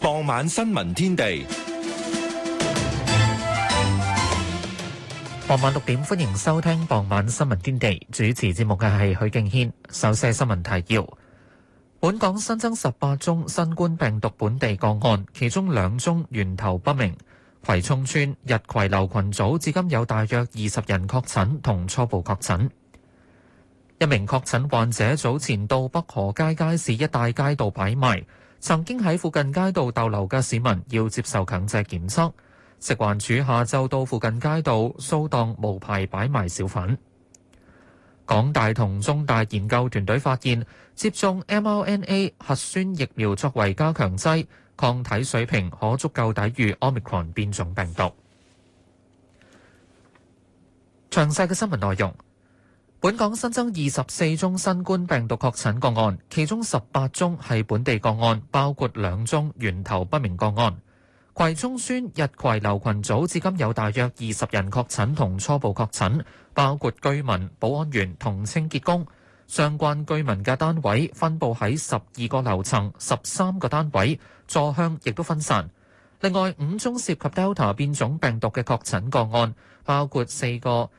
傍晚新聞天地，傍晚六點，歡迎收聽傍晚新聞天地。主持節目嘅係許敬軒。首先新聞提要：本港新增十八宗新冠病毒本地個案，其中兩宗源頭不明。葵涌村日葵樓群組至今有大約二十人確診同初步確診。一名確診患者早前到北河街街市一帶街道擺賣。曾經喺附近街道逗留嘅市民要接受強制檢測。食環署下晝到附近街道掃檔無牌擺賣小販。港大同中大研究團隊發現，接種 mRNA 核酸疫苗作為加強劑，抗體水平可足夠抵禦 Omicron 變種病毒。詳細嘅新聞內容。本港新增二十四宗新冠病毒確診個案，其中十八宗係本地個案，包括兩宗源頭不明個案。葵涌邨逸葵樓群組至今有大約二十人確診同初步確診，包括居民、保安員同清潔工。相關居民嘅單位分佈喺十二個樓層、十三個單位，座向亦都分散。另外五宗涉及 Delta 變種病毒嘅確診個案，包括四個。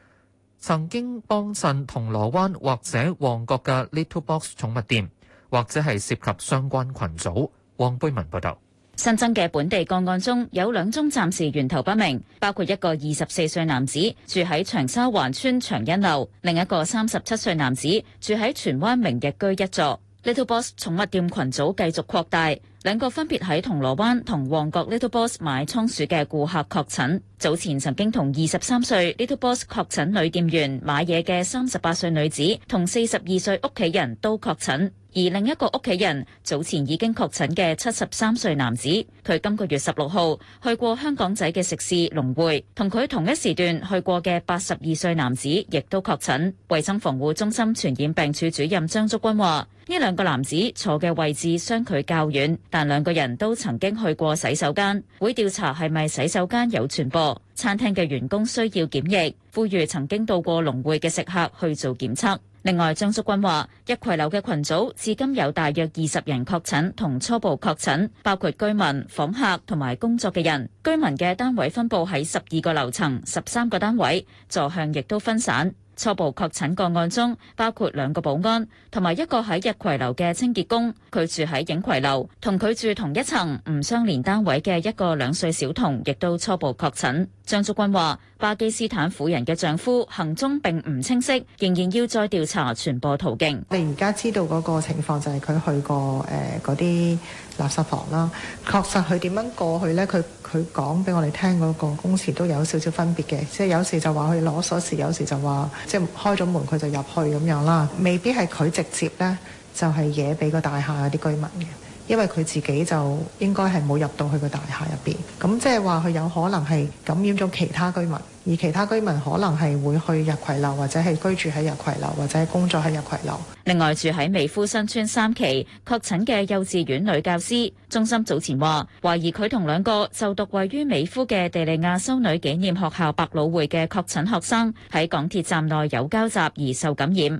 曾經幫襯銅鑼灣或者旺角嘅 Little Boss 寵物店，或者係涉及相關群組。黃貝文報道。新增嘅本地個案中有兩宗暫時源頭不明，包括一個二十四歲男子住喺長沙灣邨長欣樓，另一個三十七歲男子住喺荃灣明日居一座。Little Boss 寵物店群組繼續擴大。兩個分別喺銅鑼灣同旺角 Little Boss 買倉鼠嘅顧客確診，早前曾經同二十三歲 Little Boss 確診女店員買嘢嘅三十八歲女子同四十二歲屋企人都確診，而另一個屋企人早前已經確診嘅七十三歲男子，佢今個月十六號去過香港仔嘅食肆龍匯，同佢同一時段去過嘅八十二歲男子亦都確診。衛生防護中心傳染病處主任張竹君話。呢兩個男子坐嘅位置相距較遠，但兩個人都曾經去過洗手間。會調查係咪洗手間有傳播。餐廳嘅員工需要檢疫，呼籲曾經到過龍匯嘅食客去做檢測。另外，張竹君話：一葵樓嘅群組至今有大約二十人確診同初步確診，包括居民、訪客同埋工作嘅人。居民嘅單位分佈喺十二個樓層、十三個單位，座向亦都分散。初步確診個案中，包括兩個保安同埋一個喺日葵樓嘅清潔工，佢住喺影葵樓，同佢住同一層唔相連單位嘅一個兩歲小童，亦都初步確診。張竹君話：巴基斯坦婦人嘅丈夫行蹤並唔清晰，仍然要再調查傳播途徑。你而家知道嗰個情況就係佢去過誒嗰啲垃圾房啦。確實佢點樣過去呢？佢佢講俾我哋聽嗰個供詞都有少少分別嘅，即係有時就話去攞鎖匙，有時就話即係開咗門佢就入去咁樣啦，未必係佢直接咧就係、是、惹俾個大廈嗰啲居民。因為佢自己就應該係冇入到去個大廈入邊，咁即係話佢有可能係感染咗其他居民，而其他居民可能係會去日葵樓，或者係居住喺日葵樓，或者工作喺日葵樓。另外，住喺美孚新村三期確診嘅幼稚園女教師，中心早前話懷疑佢同兩個就讀位於美孚嘅地利亞修女紀念學校百老匯嘅確診學生喺港鐵站內有交集而受感染。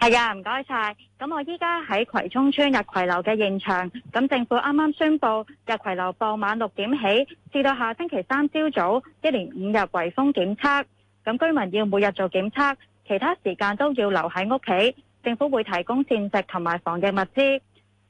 係啊，唔該晒。咁我依家喺葵涌村日葵樓嘅現場。咁政府啱啱宣佈，日葵樓傍晚六點起至到下星期三朝早，一連五日圍封檢測。咁居民要每日做檢測，其他時間都要留喺屋企。政府會提供膳食同埋防疫物資。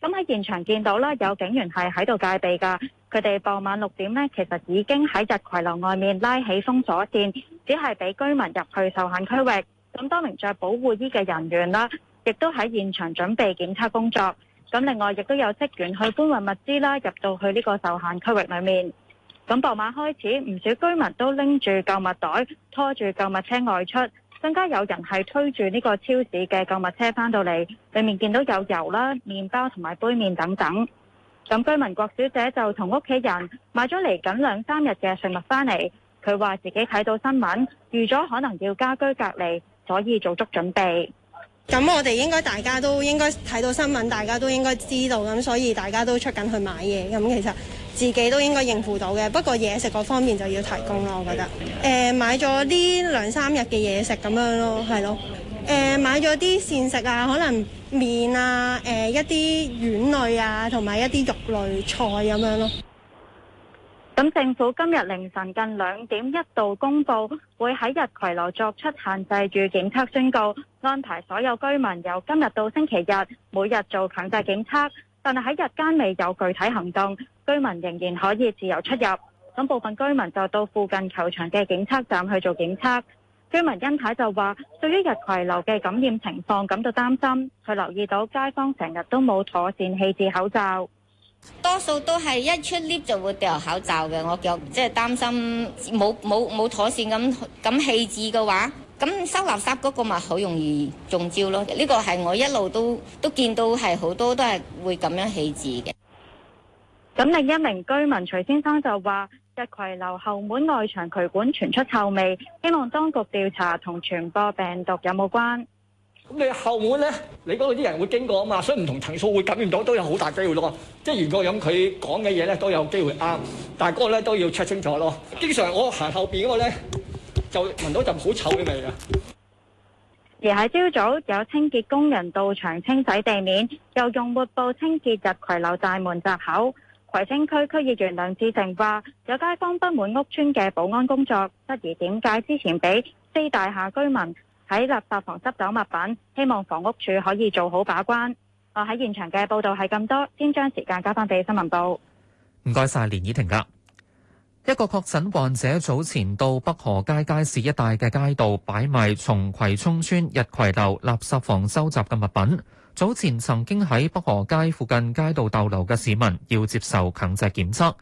咁喺現場見到啦，有警員係喺度戒備噶。佢哋傍晚六點呢，其實已經喺日葵樓外面拉起封鎖線，只係俾居民入去受限區域。咁多名着保護衣嘅人員啦、啊，亦都喺現場準備檢測工作。咁另外亦都有職員去搬運物資啦、啊，入到去呢個受限區域裏面。咁傍晚開始，唔少居民都拎住購物袋，拖住購物車外出。更加有人係推住呢個超市嘅購物車翻到嚟，裏面見到有油啦、啊、麵包同埋杯麵等等。咁居民郭小姐就同屋企人買咗嚟緊兩三日嘅食物翻嚟，佢話自己睇到新聞，預咗可能要家居隔離。所以做足準備，咁我哋應該大家都應該睇到新聞，大家都應該知道，咁所以大家都出緊去買嘢，咁其實自己都應該應付到嘅。不過嘢食嗰方面就要提供咯，我覺得。誒、呃、買咗啲兩三日嘅嘢食咁樣咯，係咯。誒、呃、買咗啲膳食啊，可能麵啊，誒、呃、一啲丸類啊，同埋一啲肉類菜咁樣咯。咁政府今日凌晨近兩點一度公布，會喺日葵樓作出限制與檢測宣告，安排所有居民由今日到星期日每日做強制檢測，但係喺日間未有具體行動，居民仍然可以自由出入。咁部分居民就到附近球場嘅檢測站去做檢測。居民欣太就話，對於日葵樓嘅感染情況感到擔心，佢留意到街坊成日都冇妥善棄置口罩。多數都係一出 lift 就會掉口罩嘅，我又即係擔心冇冇冇妥善咁咁棄置嘅話，咁收垃圾嗰個咪好容易中招咯。呢個係我一路都都見到係好多都係會咁樣棄置嘅。咁另一名居民徐先生就話：日葵樓後門內牆渠管傳出臭味，希望當局調查同傳播病毒有冇關。咁你後門咧，你嗰度啲人會經過啊嘛，所以唔同層數會感染到都有好大機會咯。即係袁國勇佢講嘅嘢咧都有機會啱，但係嗰個咧都要 check 清楚咯。經常我行後邊嗰個咧就聞到一陣好臭嘅味啊！而喺朝早有清潔工人到場清洗地面，又用抹布清潔入葵漏大門閘口。葵青區區議員梁志成話：有街坊不滿屋邨嘅保安工作，質疑點解之前俾非大廈居民，喺垃圾房執走物品，希望房屋署可以做好把關。我喺現場嘅報道係咁多，先將時間交翻俾新聞部。唔該晒，連以婷噶。一個確診患者早前到北河街街市一帶嘅街道擺賣從葵涌村日葵樓垃圾房收集嘅物品。早前曾經喺北河街附近街道逗留嘅市民要接受強制檢測。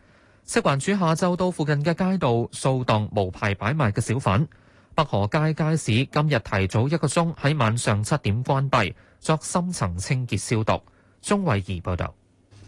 食環署下晝到附近嘅街道掃蕩無牌擺賣嘅小販。北河街街市今日提早一個鐘喺晚上七點關閉，作深層清潔消毒。鍾慧儀報道。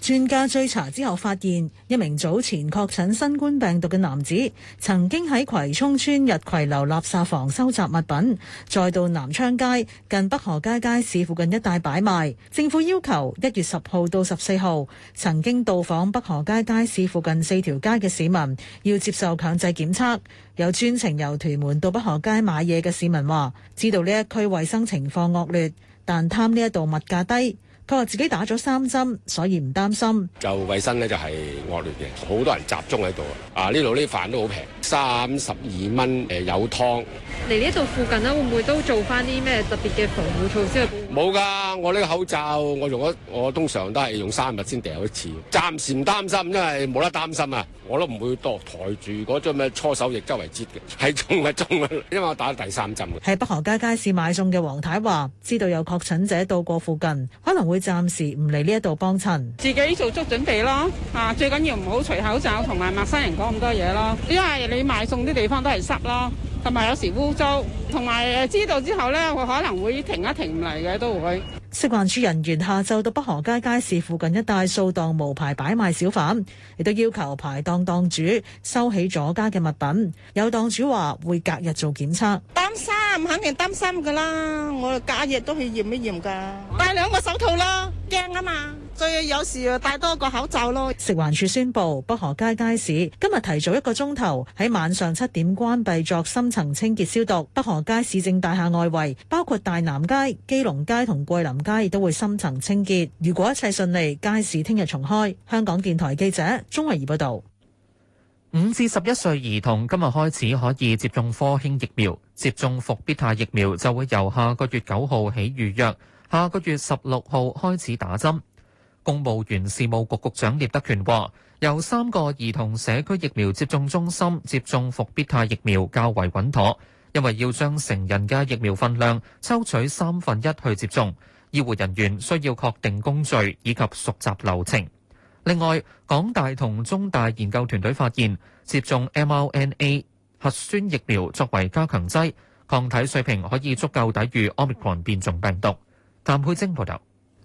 專家追查之後發現，一名早前確診新冠病毒嘅男子，曾經喺葵涌村日葵樓垃圾房收集物品，再到南昌街近北河街街市附近一帶擺賣。政府要求一月十號到十四號曾經到訪北河街街市附近四條街嘅市民，要接受強制檢測。有專程由屯門到北河街買嘢嘅市民話，知道呢一區衛生情況惡劣，但貪呢一度物價低。佢話自己打咗三針，所以唔擔心。就衞生呢，就係惡劣嘅，好多人集中喺度啊！啊呢度啲飯都好平，三十二蚊誒有湯。嚟呢度附近呢、啊，會唔會都做翻啲咩特別嘅防護措施？冇㗎，我呢個口罩我用咗，我通常都係用三日先掉一次。暫時唔擔心，因為冇得擔心啊！我都唔會度抬住嗰張咩搓手液周圍折嘅，喺中咪中啊！因為我打咗第三針嘅。喺北河街街市買餸嘅黃太話，知道有確診者到過附近，可能會。暫時唔嚟呢一度幫襯，自己做足準備咯。啊，最緊要唔好除口罩，同埋陌生人講咁多嘢咯。因為你買餸啲地方都係濕咯，同埋有，有時污糟，同埋知道之後咧，我可能會停一停唔嚟嘅都會。食環署人員下晝到北河街街市附近一帶掃蕩無牌擺賣小販，亦都要求排檔檔主收起咗家嘅物品。有檔主話會隔日做檢測，擔心，肯定擔心噶啦，我隔日都去驗一驗噶，戴兩個手套啦，驚啊嘛！所以有時誒，戴多個口罩咯。食環署宣布，北河街街市今日提早一個鐘頭喺晚上七點關閉，作深層清潔消毒。北河街市政大廈外圍，包括大南街、基隆街同桂林街，亦都會深層清潔。如果一切順利，街市聽日重開。香港電台記者鍾慧儀報導。五至十一歲兒童今日開始可以接種科興疫苗，接種復必泰疫苗就會由下個月九號起預約，下個月十六號開始打針。公務員事務局局長聶德權話：由三個兒童社區疫苗接種中心接種復必泰疫苗較為穩妥，因為要將成人嘅疫苗份量抽取三分一去接種。醫護人員需要確定工序以及熟習流程。另外，港大同中大研究團隊發現，接種 mRNA 核酸疫苗作為加強劑，抗體水平可以足夠抵禦 Omicron 變種病毒。譚佩晶報道。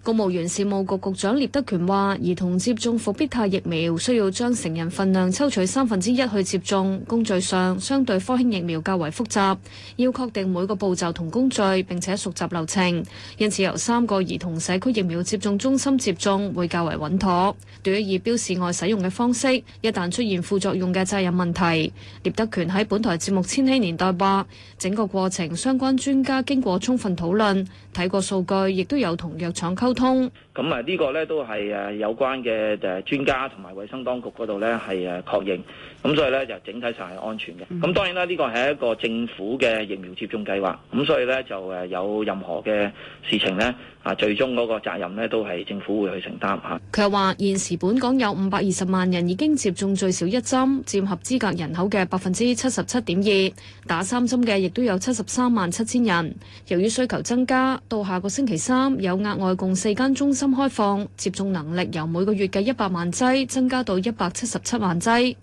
公務員事務局局長聶德權話：兒童接種復必泰疫苗需要將成人份量抽取三分之一去接種，工序上相對科興疫苗較為複雜，要確定每個步驟同工序，並且熟習流程。因此由三個兒童社區疫苗接種中心接種會較為穩妥。對於以標示外使用嘅方式，一旦出現副作用嘅責任問題，聶德權喺本台節目《千禧年代》話：整個過程相關專家經過充分討論。睇過數據，亦都有同藥廠溝通。咁啊，呢個咧都係誒有關嘅誒專家同埋衛生當局嗰度咧係誒確認，咁所以咧就整體上係安全嘅。咁當然啦，呢個係一個政府嘅疫苗接種計劃，咁所以咧就誒有任何嘅事情咧啊，最終嗰個責任咧都係政府會去承擔吓。佢又話現時本港有五百二十萬人已經接種最少一針，佔合資格人口嘅百分之七十七點二，打三針嘅亦都有七十三萬七千人。由於需求增加，到下個星期三有額外共四間中心。開放接種能力由每個月嘅一百萬劑增加到一百七十七萬劑。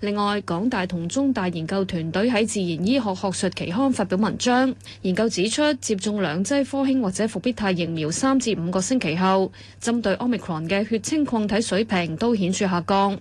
另外，港大同中大研究團隊喺《自然醫學學術期刊》發表文章，研究指出，接種兩劑科興或者復必泰疫苗三至五個星期後，針對 Omicron 嘅血清抗體水平都顯著下降。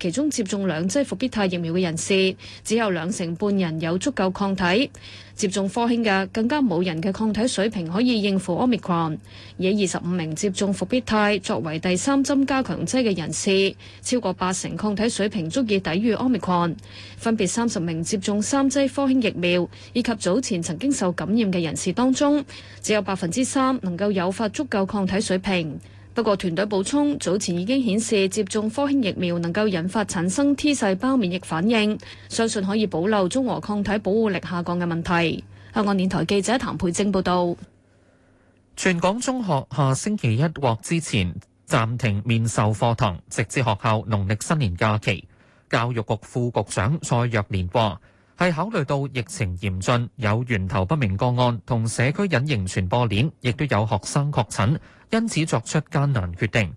其中接種兩劑復必泰疫苗嘅人士，只有兩成半人有足夠抗體；接種科興嘅更加冇人嘅抗體水平可以應付 Omicron。而二十五名接種復必泰作為第三針加強劑嘅人士，超過八成抗體水平足以抵禦 Omicron。分別三十名接種三劑科興疫苗以及早前曾經受感染嘅人士當中，只有百分之三能夠誘發足夠抗體水平。不過，團隊補充，早前已經顯示接種科興疫苗能夠引發產生 T 細胞免疫反應，相信可以保留中和抗體保護力下降嘅問題。香港電台記者譚佩正報道。全港中學下星期一或之前暫停面授課堂，直至學校農曆新年假期。教育局副局長蔡若蓮話。係考慮到疫情嚴峻，有源頭不明個案同社區隱形傳播鏈，亦都有學生確診，因此作出艱難決定。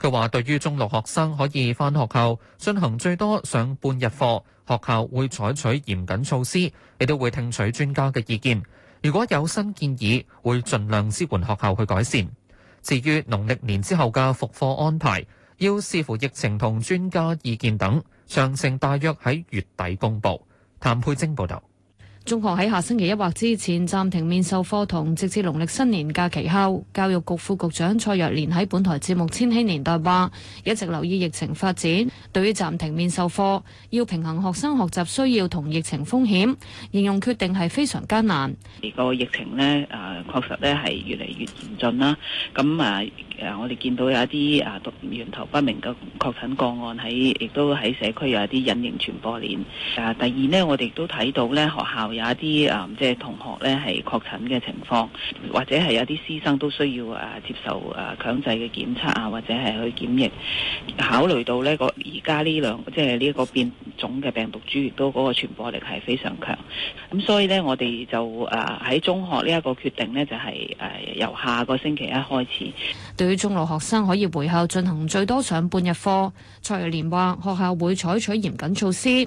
佢話：對於中六學生可以返學校進行最多上半日課，學校會採取嚴謹措施，亦都會聽取專家嘅意見。如果有新建議，會盡量支援學校去改善。至於農曆年之後嘅復課安排，要視乎疫情同專家意見等，詳情大約喺月底公布。譚佩晶報道。中學喺下星期一或之前暫停面授課同，直至農曆新年假期後，教育局副局長蔡若蓮喺本台節目《千禧年代》話，一直留意疫情發展，對於暫停面授課，要平衡學生學習需要同疫情風險，形容決定係非常艱難。而個疫情咧，誒、啊、確實咧係越嚟越嚴峻啦。咁啊，我哋見到有一啲誒、啊、源頭不明嘅確診個案喺，亦都喺社區有一啲隱形傳播鏈。啊，第二咧，我哋都睇到咧學校。有一啲誒、嗯，即係同學咧係確診嘅情況，或者係有啲師生都需要誒、啊、接受誒、啊、強制嘅檢測啊，或者係去檢疫。考慮到呢個而家呢兩即係呢個變種嘅病毒株，亦都嗰個傳播力係非常強。咁所以呢，我哋就誒喺、啊、中學呢一個決定呢，就係、是、誒、啊、由下個星期一開始，對於中六學生可以回校進行最多上半日課。蔡若蓮話學校會採取嚴謹措施。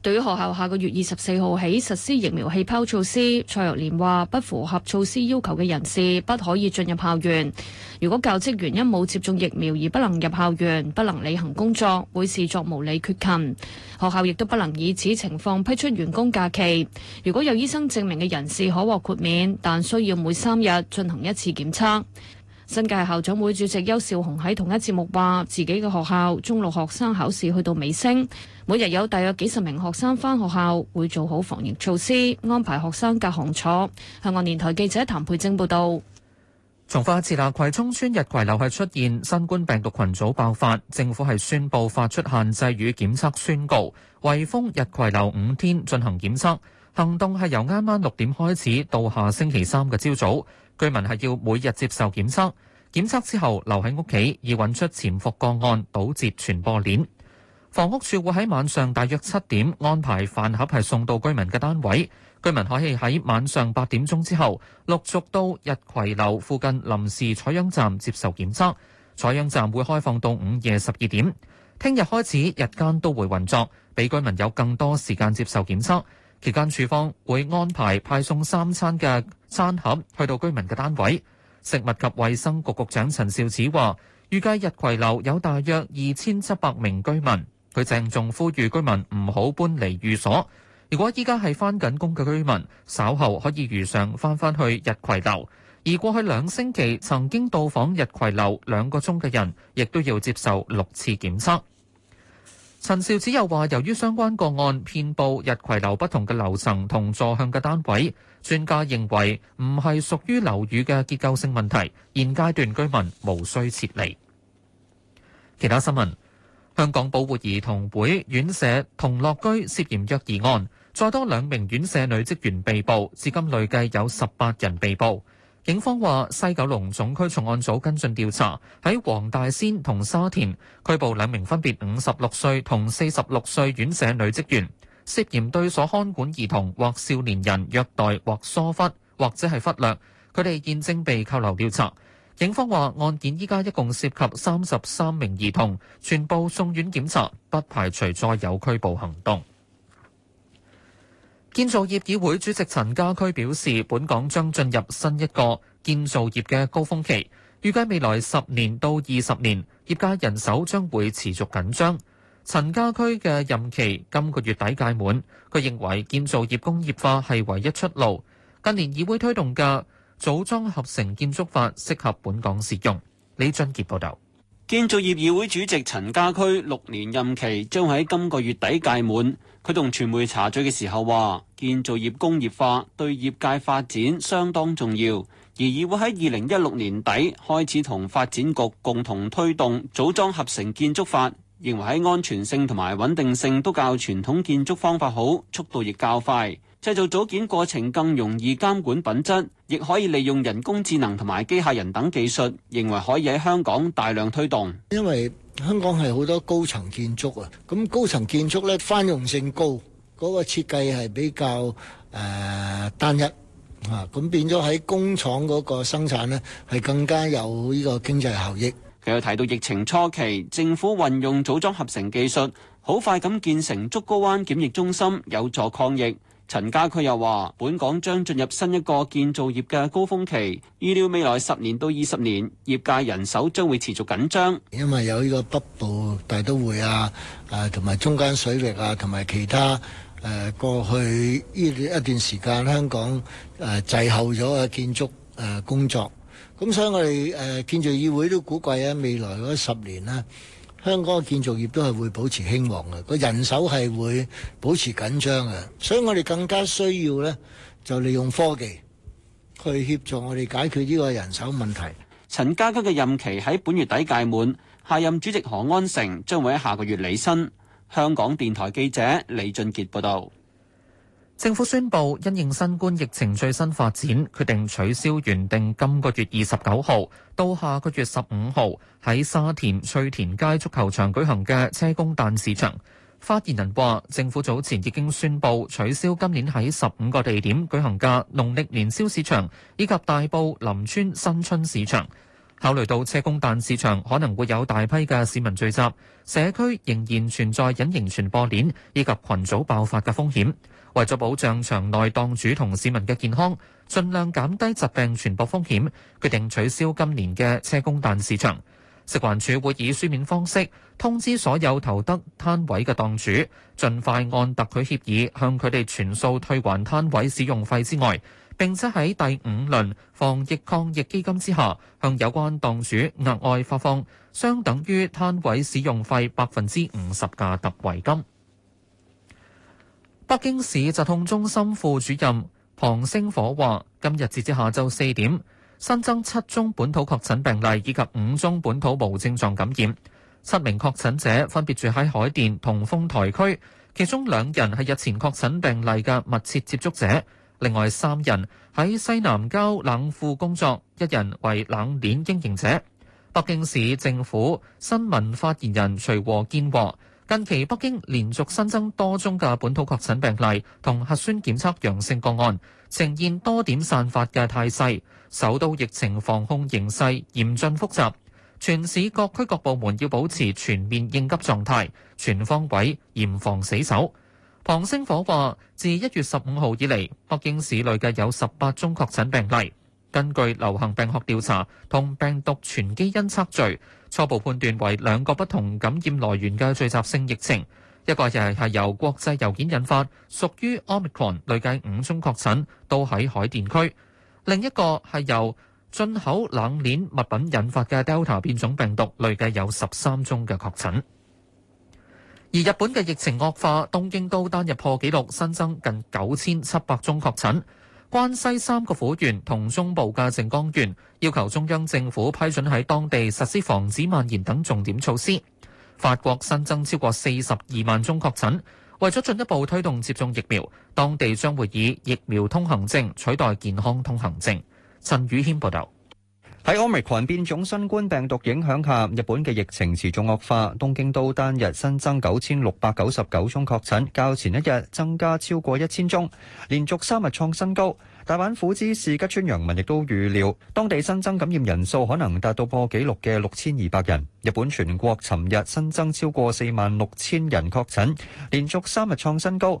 對於學校下個月二十四號起實施疫苗氣泡措施，蔡若蓮話：不符合措施要求嘅人士不可以進入校園。如果教職員因冇接種疫苗而不能入校園，不能履行工作，會視作無理缺勤。學校亦都不能以此情況批出員工假期。如果有醫生證明嘅人士可獲豁免，但需要每三日進行一次檢測。新界校長會主席邱少雄喺同一節目話：自己嘅學校中六學生考試去到尾聲。每日有大約幾十名學生返學校，會做好防疫措施，安排學生隔行坐。香港電台記者譚佩晶報道：「重複一次啦，葵涌村日葵樓係出現新冠病毒群組爆發，政府係宣布發出限制與檢測宣告，圍封日葵樓五天進行檢測行動，係由啱啱六點開始到下星期三嘅朝早，居民係要每日接受檢測，檢測之後留喺屋企，以揾出潛伏個案，堵截傳播鏈。房屋署會喺晚上大約七點安排飯盒係送到居民嘅單位，居民可以喺晚上八點鐘之後陸續到日葵樓附近臨時採樣站接受檢測。採樣站會開放到午夜十二點。聽日開始日間都會運作，俾居民有更多時間接受檢測。期間署方會安排派送三餐嘅餐盒去到居民嘅單位。食物及衛生局局長陳肇始話，預計日葵樓有大約二千七百名居民。佢鄭重呼籲居民唔好搬離寓所。如果依家係翻緊工嘅居民，稍後可以如常翻翻去日葵樓。而過去兩星期曾經到訪日葵樓兩個鐘嘅人，亦都要接受六次檢測。陳肇始又話，由於相關個案遍布日葵樓不同嘅樓層同坐向嘅單位，專家認為唔係屬於樓宇嘅結構性問題，現階段居民無需撤離。其他新聞。香港保護兒童會院舍同樂居涉嫌虐兒案，再多兩名院舍女職員被捕，至今累計有十八人被捕。警方話，西九龍總區重案組跟進調查，喺黃大仙同沙田拘捕兩名分別五十六歲同四十六歲院舍女職員，涉嫌對所看管兒童或少年人虐待或疏忽或者係忽略，佢哋現正被扣留調查。警方話，案件依家一共涉及三十三名兒童，全部送院檢查，不排除再有拘捕行動。建造業議會主席陳家駒表示，本港將進入新一個建造業嘅高峰期，預計未來十年到二十年，業界人手將會持續緊張。陳家駒嘅任期今個月底屆滿，佢認為建造業工業化係唯一出路。近年議會推動嘅組裝合成建築法適合本港使用。李俊杰報導。建造業議會主席陳家駒六年任期將喺今個月底屆滿。佢同傳媒查罪嘅時候話，建造業工業化對業界發展相當重要，而議會喺二零一六年底開始同發展局共同推動組裝合成建築法，認為喺安全性同埋穩定性都較傳統建築方法好，速度亦較快。製造組件過程更容易監管品質，亦可以利用人工智能同埋機械人等技術，認為可以喺香港大量推動。因為香港係好多高層建築啊，咁高層建築咧，翻用性高，嗰、那個設計係比較誒、呃、單一啊，咁變咗喺工廠嗰個生產咧係更加有呢個經濟效益。佢又提到疫情初期，政府運用組裝合成技術，好快咁建成竹篙灣檢疫中心，有助抗疫。陳家駒又話：本港將進入新一個建造業嘅高峰期，預料未來十年到二十年，業界人手將會持續緊張，因為有呢個北部大都會啊，誒同埋中間水域啊，同埋其他誒、啊、過去呢一段時間香港誒、啊、滯後咗嘅建築誒、啊、工作，咁所以我哋誒、啊、建造議會都估計啊，未來嗰十年呢、啊。香港嘅建造業都係會保持興旺嘅，個人手係會保持緊張嘅，所以我哋更加需要咧就利用科技去協助我哋解決呢個人手問題。陳家駒嘅任期喺本月底屆滿，下任主席何安成將會喺下個月離身。香港電台記者李俊傑報道。政府宣布，因應新冠疫情最新發展，決定取消原定今個月二十九號到下個月十五號喺沙田翠田街足球場舉行嘅車公誕市場。發言人話，政府早前已經宣布取消今年喺十五個地點舉行嘅農曆年宵市場，以及大埔林村新春市場。考慮到車公誕市場可能會有大批嘅市民聚集，社區仍然存在隱形傳播鏈以及群組爆發嘅風險。為咗保障場內檔主同市民嘅健康，盡量減低疾病傳播風險，決定取消今年嘅車公誕市場。食環署會以書面方式通知所有投得攤位嘅檔主，盡快按特許協議向佢哋全數退還攤位使用費之外，並且喺第五輪防疫抗疫基金之下，向有關檔主額外發放相等於攤位使用費百分之五十嘅特惠金。北京市疾控中心副主任龐星火話，今日截至下晝四點，新增七宗本土確診病例以及五宗本土無症狀感染。七名確診者分別住喺海淀同豐台區，其中兩人係日前確診病例嘅密切接觸者。另外三人喺西南郊冷庫工作，一人為冷鏈經營者。北京市政府新聞發言人徐和建話：近期北京連續新增多宗嘅本土確診病例同核酸檢測陽性個案，呈現多點散發嘅態勢，首都疫情防控形勢嚴峻複雜，全市各區各部門要保持全面應急狀態，全方位嚴防死守。龐星火話，自一月十五號以嚟，北京市累計有十八宗確診病例。根據流行病學調查同病毒全基因測序，初步判斷為兩個不同感染來源嘅聚集性疫情。一個係係由國際郵件引發，屬於 omicron，累計五宗確診都喺海淀區。另一個係由進口冷鏈物品引發嘅 Delta 變種病毒，累計有十三宗嘅確診。而日本嘅疫情惡化，東京都單日破紀錄，新增近九千七百宗確診，關西三個府縣同中部嘅靜岡縣要求中央政府批准喺當地實施防止蔓延等重點措施。法國新增超過四十二萬宗確診，為咗進一步推動接種疫苗，當地將會以疫苗通行證取代健康通行證，陳宇謙報道。喺 Omicron 變種新冠病毒影響下，日本嘅疫情持續惡化。東京都單日新增九千六百九十九宗確診，較前一日增加超過一千宗，連續三日創新高。大阪府知事吉村洋文亦都預料，當地新增感染人數可能達到破紀錄嘅六千二百人。日本全國尋日新增超過四萬六千人確診，連續三日創新高。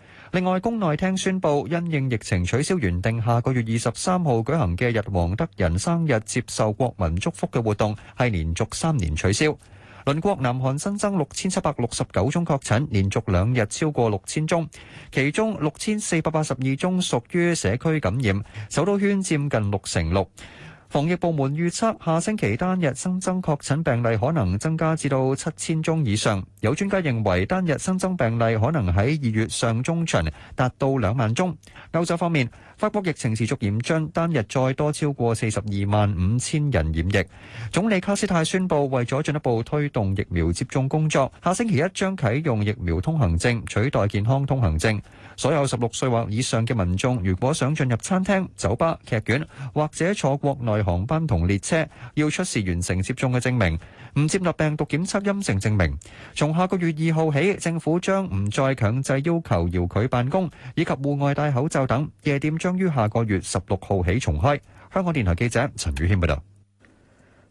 另外，宮內廳宣布，因應疫情取消原定下個月二十三號舉行嘅日皇德仁生日接受國民祝福嘅活動，係連續三年取消。鄰國南韓新增六千七百六十九宗確診，連續兩日超過六千宗，其中六千四百八十二宗屬於社區感染，首都圈佔近六成六。防疫部門預測下星期單日新增確診病例可能增加至到七千宗以上，有專家認為單日新增病例可能喺二月上中旬達到兩萬宗。歐洲方面，法國疫情持續嚴峻，單日再多超過四十二萬五千人染疫。總理卡斯泰宣布，為咗進一步推動疫苗接種工作，下星期一將啟用疫苗通行證取代健康通行證。所有十六歲或以上嘅民眾，如果想進入餐廳、酒吧、劇院或者坐國內航班同列車，要出示完成接種嘅證明，唔接納病毒檢測陰性證明。從下個月二號起，政府將唔再強制要求遙距辦公以及戶外戴口罩等。夜店將於下個月十六號起重開。香港電台記者陳宇謙報道。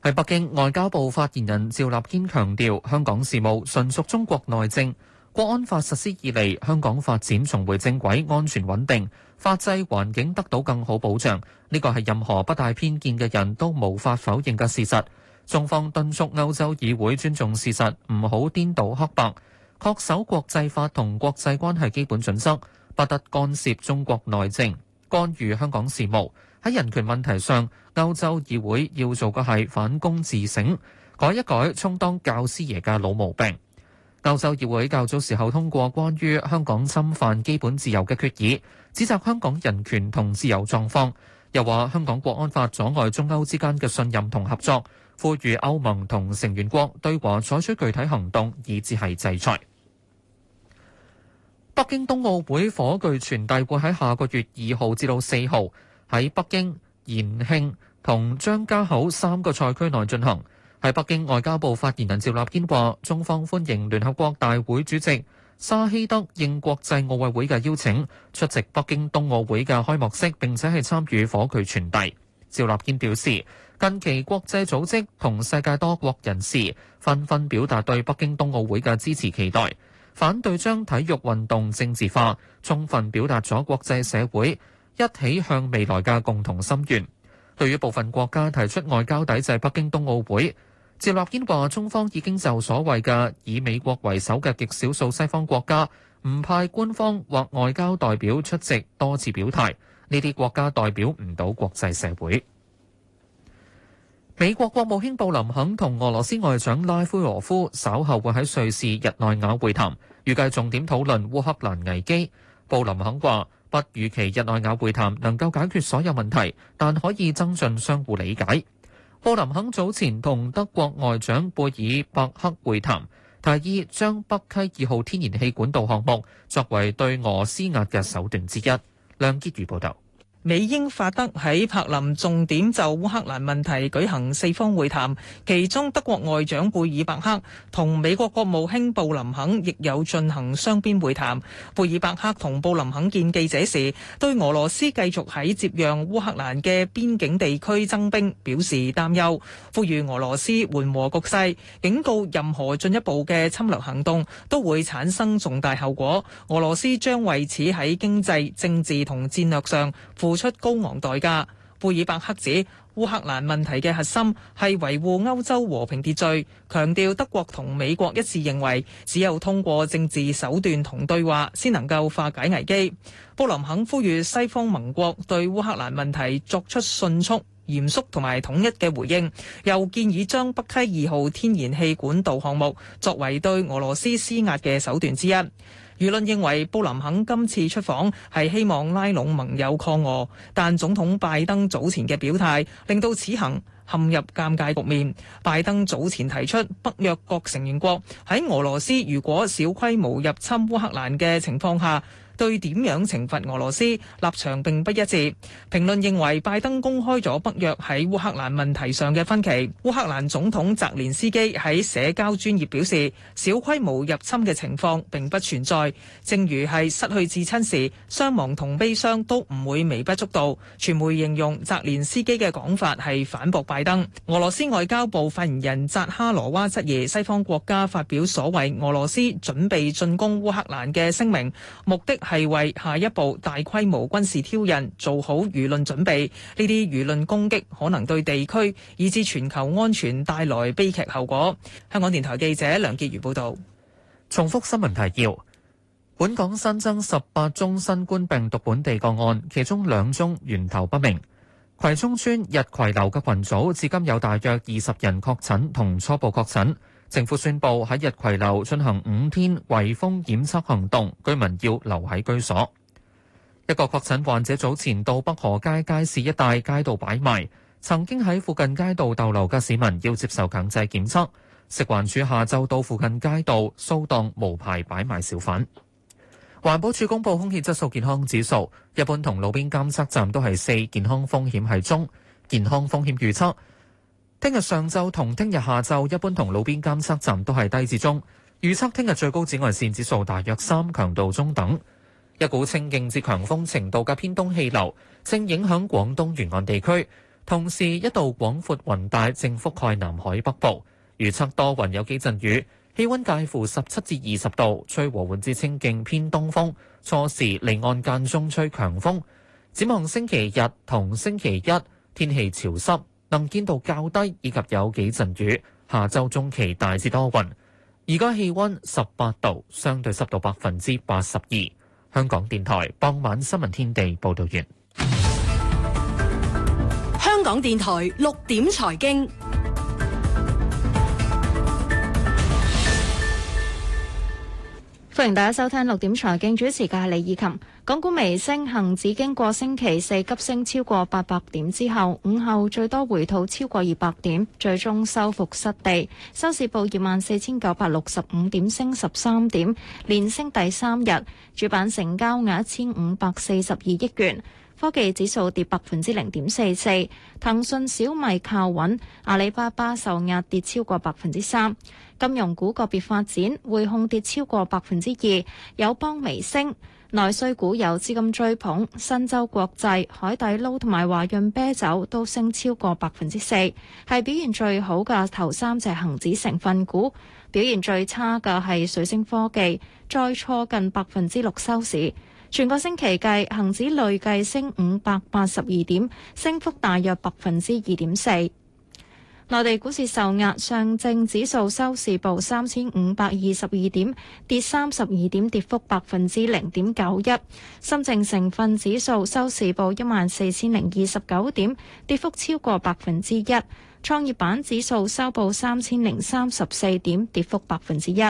喺北京，外交部發言人趙立堅強調，香港事務純屬中國內政。《國安法》實施以嚟，香港發展重回正軌，安全穩定，法制環境得到更好保障。呢個係任何不帶偏見嘅人都無法否認嘅事實。中方敦促歐洲議會尊重事實，唔好顛倒黑白，恪守國際法同國際關係基本準則，不得干涉中國內政、干預香港事務。喺人權問題上，歐洲議會要做嘅係反躬自省，改一改充當教師爺嘅老毛病。歐洲議會較早時候通過關於香港侵犯基本自由嘅決議，指責香港人權同自由狀況，又話香港國安法阻礙中歐之間嘅信任同合作，呼籲歐盟同成員國對華採取具體行動以至係制裁。北京冬奧會火炬傳遞會喺下個月二號至到四號喺北京、延慶同張家口三個賽區內進行。喺北京外交部發言人趙立堅話，中方歡迎聯合國大會主席沙希德應國際奧委會嘅邀請出席北京冬奧會嘅開幕式，並且係參與火炬傳遞。趙立堅表示，近期國際組織同世界多國人士紛紛表達對北京冬奧會嘅支持期待，反對將體育運動政治化，充分表達咗國際社會一起向未來嘅共同心願。對於部分國家提出外交抵制北京冬奧會，趙立堅話：英中方已經就所謂嘅以美國為首嘅極少數西方國家唔派官方或外交代表出席，多次表態，呢啲國家代表唔到國際社會。美國國務卿布林肯同俄羅斯外長拉夫羅夫稍後會喺瑞士日內瓦會談，預計重點討論烏克蘭危機。布林肯話：不預期日內瓦會談能夠解決所有問題，但可以增進相互理解。布林肯早前同德國外長貝爾伯克會談，提議將北溪二號天然氣管道項目作為對俄施壓嘅手段之一。梁潔如報道。美英法德喺柏林重點就烏克蘭問題舉行四方會談，其中德國外長貝爾伯克同美國國務卿布林肯亦有進行雙邊會談，貝爾伯克同布林肯見記者時對俄羅斯繼續喺接壤烏克蘭嘅邊境地區增兵表示擔憂，呼籲俄羅斯緩和局勢，警告任何進一步嘅侵略行動都會產生重大後果。俄羅斯將為此喺經濟政治同戰略上付出高昂代價，貝爾伯克指，烏克蘭問題嘅核心係維護歐洲和平秩序，強調德國同美國一致認為只有通過政治手段同對話先能夠化解危機，布林肯呼籲西方盟國對烏克蘭問題作出迅速、嚴肅同埋統一嘅回應，又建議將北溪二號天然氣管道項目作為對俄羅斯施壓嘅手段之一。輿論認為布林肯今次出訪係希望拉攏盟友抗俄，但總統拜登早前嘅表態令到此行陷入尷尬局面。拜登早前提出北約各成員國喺俄羅斯如果小規模入侵烏克蘭嘅情況下，對點樣懲罰俄羅斯，立場並不一致。評論認為，拜登公開咗北約喺烏克蘭問題上嘅分歧。烏克蘭總統澤連斯基喺社交專頁表示，小規模入侵嘅情況並不存在，正如係失去至親時，傷亡同悲傷都唔會微不足道。傳媒形容澤連斯基嘅講法係反駁拜登。俄羅斯外交部發言人扎哈羅娃質疑西方國家發表所謂俄羅斯準備進攻烏克蘭嘅聲明，目的係為下一步大規模軍事挑釁做好輿論準備，呢啲輿論攻擊可能對地區以至全球安全帶來悲劇後果。香港電台記者梁潔如報道。重複新聞提要：本港新增十八宗新冠病毒本地個案，其中兩宗源頭不明。葵涌村日葵樓嘅群組至今有大約二十人確診同初步確診。政府宣布喺日葵樓進行五天圍封檢測行動，居民要留喺居所。一個確診患者早前到北河街街市一帶街道擺賣，曾經喺附近街道逗留嘅市民要接受強制檢測。食環署下晝到附近街道掃蕩無牌擺賣小販。環保署公布空氣質素健康指數，一般同路邊監測站都係四，健康風險係中，健康風險預測。聽日上晝同聽日下晝，一般同路邊監測站都係低至中。預測聽日最高紫外線指數大約三，強度中等。一股清勁至強風程度嘅偏東氣流正影響廣東沿岸地區，同時一道廣闊雲帶正覆蓋南海北部。預測多雲有幾陣雨，氣温介乎十七至二十度，吹和緩至清勁偏東風。初時離岸間中吹強風。展望星期日同星期一，天氣潮濕。能見度較低，以及有幾陣雨。下周中期大致多雲。而家氣溫十八度，相對濕度百分之八十二。香港電台傍晚新聞天地報道完。香港電台六點財經，歡迎大家收聽六點財經，主持嘅係李以琴。港股微升，恒指經過星期四急升超過八百點之後，午後最多回吐超過二百點，最終收復失地，收市報二萬四千九百六十五點，升十三點，連升第三日。主板成交額一千五百四十二億元。科技指數跌百分之零點四四，騰訊、小米靠穩，阿里巴巴受壓跌超過百分之三。金融股個別發展，匯控跌超過百分之二，友邦微升。內需股有資金追捧，新洲國際、海底撈同埋華潤啤酒都升超過百分之四，係表現最好嘅頭三隻恒指成分股。表現最差嘅係水星科技，再挫近百分之六收市。全個星期計，恒指累計升五百八十二點，升幅大約百分之二點四。內地股市受壓，上證指數收市報三千五百二十二點，跌三十二點，跌幅百分之零點九一。深證成分指數收市報一萬四千零二十九點，跌幅超過百分之一。創業板指數收報三千零三十四點，跌幅百分之一。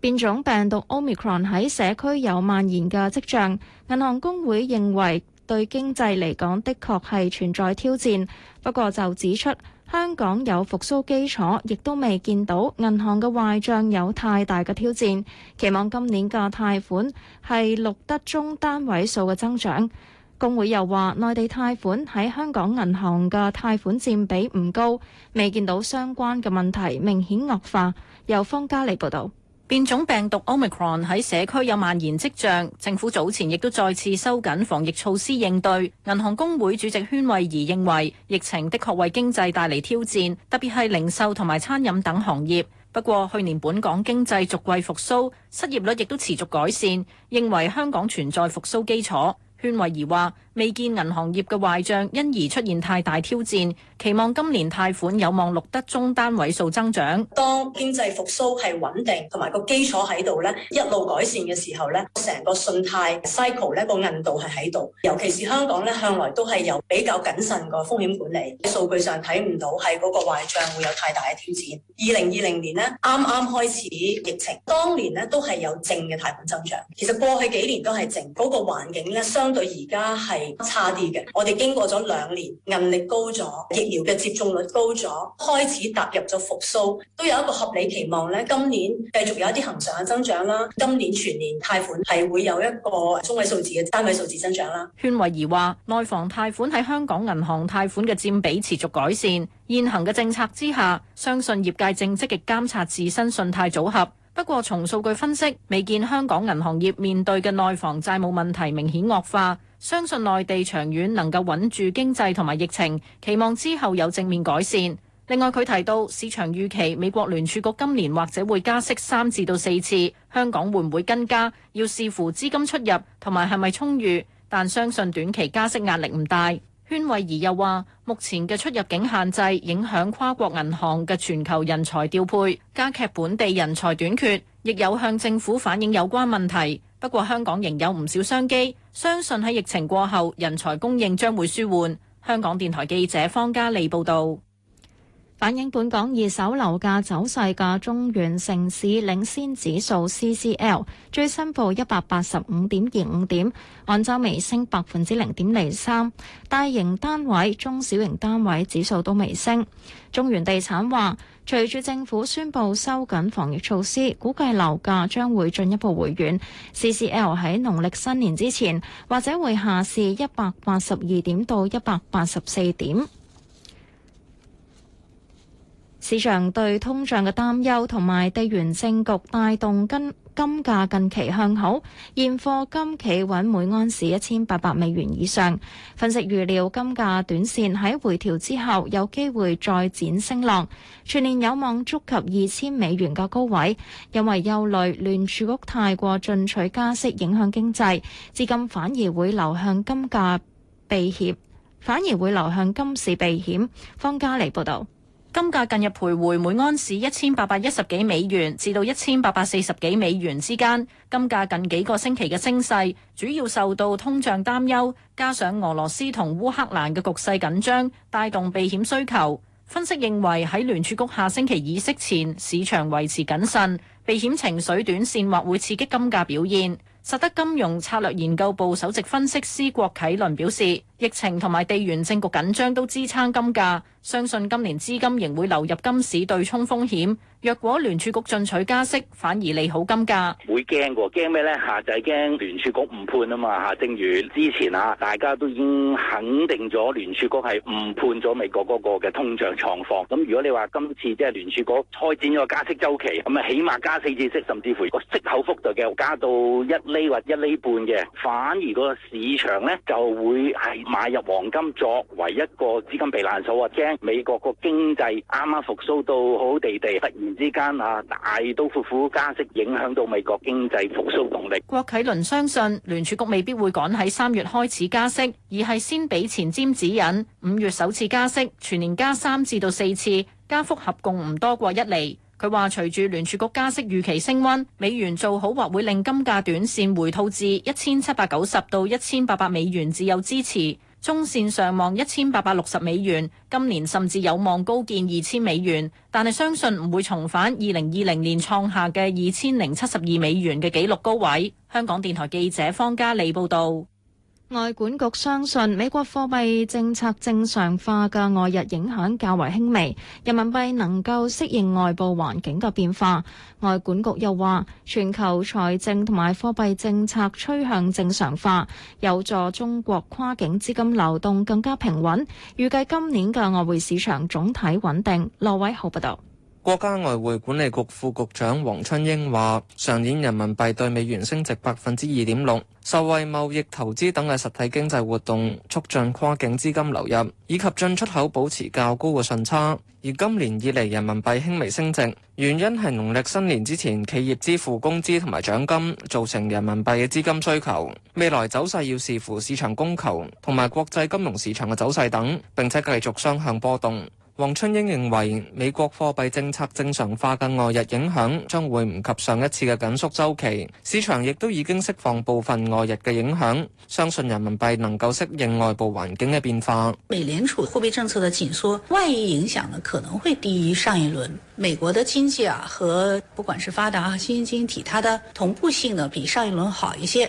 變種病毒 Omicron 喺社區有蔓延嘅跡象，銀行公會認為。對經濟嚟講，的確係存在挑戰。不過就指出，香港有復甦基礎，亦都未見到銀行嘅壞帳有太大嘅挑戰。期望今年嘅貸款係錄得中單位數嘅增長。工會又話，內地貸款喺香港銀行嘅貸款佔比唔高，未見到相關嘅問題明顯惡化。由方嘉利報道。變種病毒 Omicron 喺社區有蔓延跡象，政府早前亦都再次收緊防疫措施應對。銀行公會主席禤惠儀認為，疫情的確為經濟帶嚟挑戰，特別係零售同埋餐飲等行業。不過去年本港經濟逐季復甦，失業率亦都持續改善，認為香港存在復甦基礎。禤惠儀話。未見銀行業嘅壞帳，因而出現太大挑戰。期望今年貸款有望錄得中單位數增長。當經濟復甦係穩定同埋個基礎喺度咧，一路改善嘅時候咧，成個信貸 cycle 咧個硬度係喺度。尤其是香港咧向來都係有比較謹慎個風險管理，數據上睇唔到係嗰個壞帳會有太大嘅挑戰。二零二零年呢，啱啱開始疫情，當年呢都係有正嘅貸款增長。其實過去幾年都係正，嗰、那個環境咧相對而家係。差啲嘅，我哋經過咗兩年，銀力高咗，疫苗嘅接種率高咗，開始踏入咗復甦，都有一個合理期望咧。今年繼續有一啲恒常嘅增長啦。今年全年貸款係會有一個中位數字嘅單位數字增長啦。禤慧儀話：內房貸款喺香港銀行貸款嘅佔比持續改善，現行嘅政策之下，相信業界正積極監察自身信貸組合。不過從數據分析，未見香港銀行業面對嘅內房債務問題明顯惡化。相信內地長遠能夠穩住經濟同埋疫情，期望之後有正面改善。另外佢提到市場預期美國聯儲局今年或者會加息三至到四次，香港會唔會跟加要視乎資金出入同埋係咪充裕，但相信短期加息壓力唔大。禤惠儀又話：目前嘅出入境限制影響跨國銀行嘅全球人才調配，加劇本地人才短缺，亦有向政府反映有關問題。不過香港仍有唔少商機，相信喺疫情過後，人才供應將會舒緩。香港電台記者方嘉莉報導，反映本港二手樓價走勢嘅中原城市領先指數 CCL 最新報一百八十五點二五點，按週微升百分之零點零三。大型單位、中小型單位指數都微升。中原地產話，隨住政府宣布收緊防疫措施，估計樓價將會進一步回軟。CCL 喺農曆新年之前或者會下試一百八十二點到一百八十四點。市場對通脹嘅擔憂同埋地緣政局帶動緊金價近期向好，現貨金企穩每安士一千八百美元以上。分析預料金價短線喺回調之後有機會再展升浪，全年有望觸及二千美元嘅高位。因為憂慮聯儲局太過進取加息影響經濟，資金反而會流向金價避險，反而會流向金市避險。方家莉報導。金價近日徘徊每安士一千八百一十幾美元至到一千八百四十幾美元之間。金價近幾個星期嘅升勢，主要受到通脹擔憂，加上俄羅斯同烏克蘭嘅局勢緊張，帶動避險需求。分析認為喺聯儲局下星期議息前，市場維持謹慎，避險情緒短線或會刺激金價表現。實德金融策略研究部首席分析師郭啟倫表示。疫情同埋地緣政局緊張都支撐金價，相信今年資金仍會流入金市對沖風險。若果聯儲局進取加息，反而利好金價。會驚嘅喎，驚咩咧？嚇，就係驚聯儲局誤判啊嘛嚇。正如之前嚇，大家都已經肯定咗聯儲局係誤判咗美國嗰個嘅通脹狀況。咁如果你話今次即係聯儲局開展咗加息周期，咁啊起碼加四次息，甚至乎個息口幅度嘅加到一厘或一厘半嘅，反而個市場咧就會係。買入黃金作為一個資金避難所，啊驚美國個經濟啱啱復甦到好好地地，突然之間啊大刀闊斧加息，影響到美國經濟復甦動力。郭啟麟相信聯儲局未必會趕喺三月開始加息，而係先俾前瞻指引，五月首次加息，全年加三至到四次，加幅合共唔多過一厘。佢話：隨住聯儲局加息預期升溫，美元做好或會令金價短線回吐至一千七百九十到一千八百美元至有支持，中線上望一千八百六十美元，今年甚至有望高見二千美元，但係相信唔會重返二零二零年創下嘅二千零七十二美元嘅紀錄高位。香港電台記者方嘉莉報導。外管局，相信美國貨幣政策正常化嘅外溢影響較為輕微，人民幣能夠適應外部環境嘅變化。外管局又話，全球財政同埋貨幣政策趨向正常化，有助中國跨境資金流動更加平穩。預計今年嘅外匯市場總體穩定。羅偉豪報道。國家外匯管理局副局長黃春英話：上年人民幣對美元升值百分之二點六，受惠貿易、投資等嘅實體經濟活動，促進跨境資金流入，以及進出口保持較高嘅順差。而今年以嚟人民幣輕微升值，原因係農曆新年之前企業支付工資同埋獎金，造成人民幣嘅資金需求。未來走勢要視乎市場供求同埋國際金融市場嘅走勢等，並且繼續雙向波動。王春英認為，美國貨幣政策正常化嘅外溢影響將會唔及上一次嘅緊縮周期，市場亦都已經釋放部分外溢嘅影響，相信人民幣能夠適應外部環境嘅變化。美聯儲貨幣政策的緊縮外溢影響呢，可能會低於上一輪。美國的經濟啊，和不管是發達和新興經濟體，它的同步性呢，比上一輪好一些。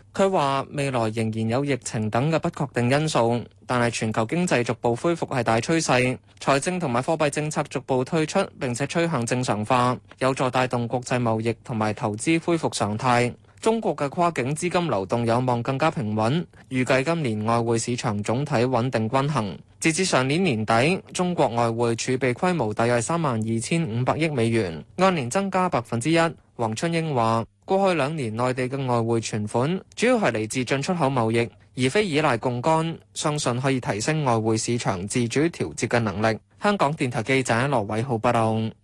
佢話：未來仍然有疫情等嘅不確定因素，但係全球經濟逐步恢復係大趨勢，財政同埋貨幣政策逐步退出並且趨向正常化，有助帶動國際貿易同埋投資恢復常態。中國嘅跨境資金流動有望更加平穩，預計今年外匯市場總體穩定均衡。截至上年年底，中國外匯儲備規模大約三萬二千五百億美元，按年增加百分之一。黃春英話，過去兩年內地嘅外匯存款主要係嚟自進出口貿易，而非依賴槓桿，相信可以提升外匯市場自主調節嘅能力。香港電台記者羅偉浩報道。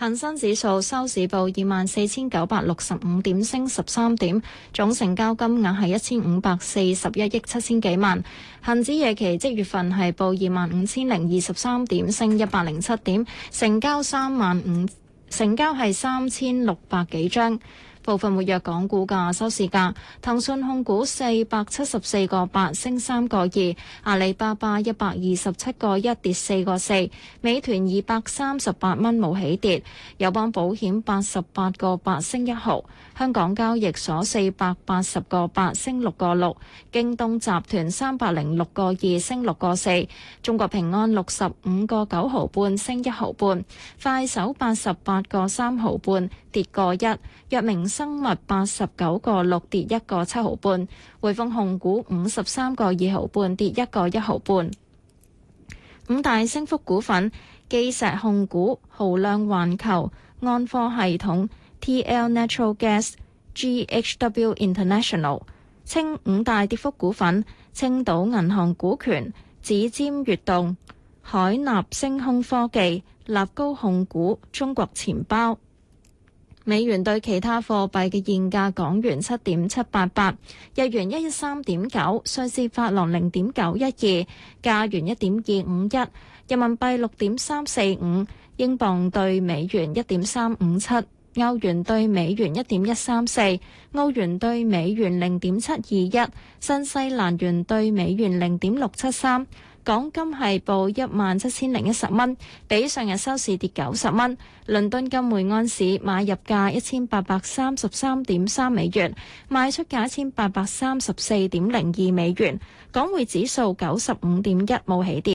恒生指數收市報二萬四千九百六十五點，升十三點，總成交金額係一千五百四十一億七千幾萬。恒指夜期即月份係報二萬五千零二十三點，升一百零七點，成交三萬五，成交係三千六百幾張。部分活躍港股價收市價：騰訊控股四百七十四個八升三個二，阿里巴巴一百二十七個一跌四個四，美團二百三十八蚊冇起跌，友邦保險八十八個八升一毫。香港交易所四百八十個八升六個六，京東集團三百零六個二升六個四，中國平安六十五個九毫半升一毫半，快手八十八個三毫半跌過一，藥明生物八十九個六跌一個七毫半，匯豐控股五十三個二毫半跌一個一毫半。五大升幅股份：基石控股、浩量環球、安科系統、T.L. Natural Gas、G.H.W. International，清五大跌幅股份：青島銀行股權、指尖悅動、海納星空科技、立高控股、中國錢包。美元對其他貨幣嘅現價：港元七點七八八，日元一一三點九，瑞士法郎零點九一二，加元一點二五一，人民幣六點三四五，英鎊對美元一點三五七。歐元兌美元一點一三四，歐元兌美元零點七二一，新西蘭元兌美元零點六七三。港金係報一萬七千零一十蚊，比上日收市跌九十蚊。倫敦金每安士買入價一千八百三十三點三美元，賣出價一千八百三十四點零二美元。港匯指數九十五點一，冇起跌。